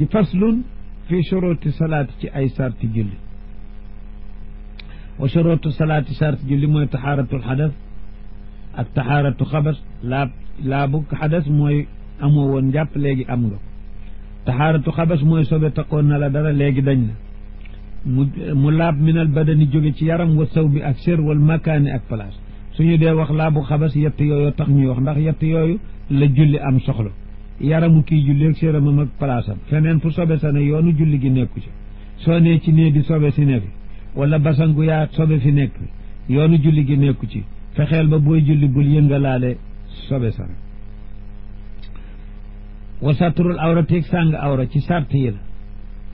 di faslun fi shuroti salaati ci ay sarti julli wa shurootu salaati sarti julli mooy taxaaratul xadas ak taxaaratu xabas laab laabu xadas mooy amoo woon njàpp léegi am nga taxaaratu xabas mooy sobe taqoon na la dara léegi dañ na mu mu laab minal badani jóge ci yaram wa saw bi ak sér wal makaani ak place suñu dee wax laabu xabas yett yooyu tax ñuy wax ndax yett yooyu la julli am soxla yaramu kii julleeg si yaramam ak palaasam feneen fu sobe sa yoonu julli gi nekku ci soo nee ci néeg bi sobe si ne fi basan basangu yaa sobe fi nekk yoonu julli gi nekku ci fexeel ba booy julli bul yëngalaale sobe sa rek wa satrul awra teeg sàng awra ci sart yi la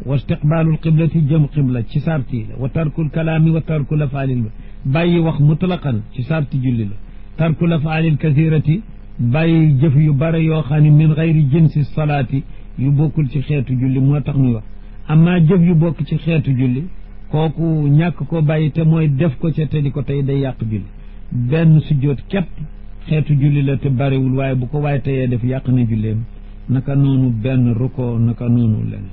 wa istiqbaalul qiblati jëm qibla ci sart yi la wa tarkul kalaami wa tarkul afaalil ba bàyyi wax mutlaqan ci sart julli la tarkul afaalil kasirati bàyyi jëf yu bare yoo xam ne min xayri jinsi salaati yu bokkul ci xeetu julli moo tax nuy wax amma jëf yu bokk ci xeetu julli kooku ñàkk ko bàyyi te mooy def ko ca te di ko tey day yàq julli benn sujjóot képp xeetu julli la te barewul waaye bu ko waaye teyee def yàq na julleem naka noonu benn ruko naka noonu leneen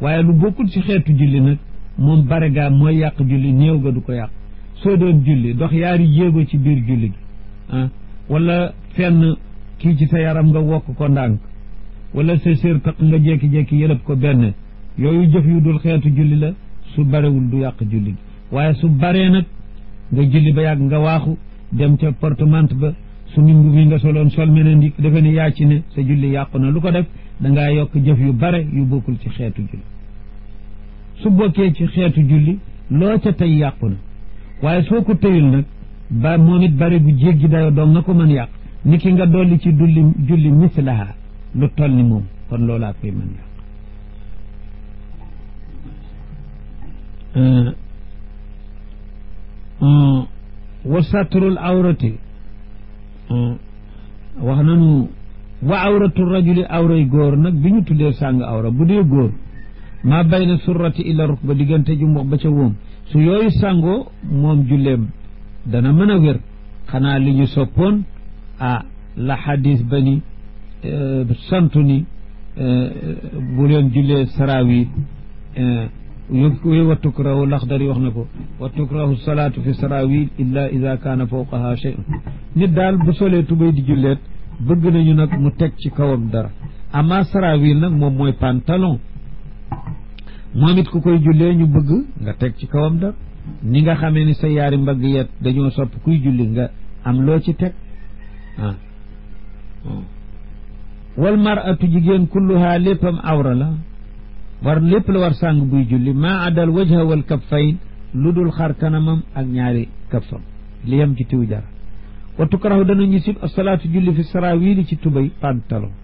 waaye lu bokkul ci xeetu julli nag moom bare gaa mooy yàq julli néew ga du ko yàq soo doon julli dox yaari jéego ci biir julli ah, fenn kii ci sa yaram nga wokk ko ndànk wala sa sér nga jékki-jékki yëlëb ko benn yooyu jëf yu dul xeetu julli la su barewul du yàq julli gi waaye su baree nag nga julli ba yàgg nga waaxu dem ca portemante ba su nimbu bi nga soloon sol meneen di defe ne yaa ci ne sa julli yàqu na lu ko def dangaa yokk jëf yu bare yu bokkul ci xeetu julli su bokkee ci xeetu julli loo ca tey yàqu na waaye soo ko tëyul nag ba moom it bare bu jéggi dayo doom na yàq ni ki nga dolli ci dulli julli mislaha lu toll ni moom kon loolaa koy mën yàq euh, euh, wa satrul awrati euh, wax nanu wa awratu rajuli awray góor nag bi ñu tuddee sàng awra bu dee góor maa bayna surrati illa rukba diggante jumbox ba ca wóom su yooyu sàngoo moom julleem dana mën a wér xanaa li ñu soppoon ah la xadis ba ni euh, sant ni euh, bu leen jullee saraawi euh, wa tukrahu laxdari wax na ko wa tukrahu salaatu fi sarawil illa ida kaana fawqaha shay nit daal bu solee tubéy di julleet bëgg nañu nag mu teg ci kawam dara ama sarawil nag moom mooy pantalon moom it ku koy jullee ñu bëgg nga teg ci kawam dara ni nga xamee ni sa yaari mbagg yet dañoo sopp kuy julli nga am loo ci teg wal maratu jigéen kulluha léppam awra la war lépp la war sàng buy julli maa adal wajha wal kaffayn lu dul xar kanamam ak ñaari kaffam li yem ci tiw jara wa tukrahu dana ñu sib asalaatu julli fi sarawili ci tubay pantalon